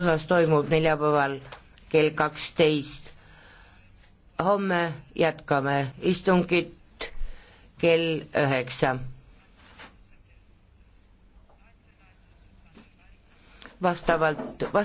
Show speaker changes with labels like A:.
A: osas toimub neljapäeval kell kaksteist. homme jätkame istungit kell üheksa. vastavalt, vastavalt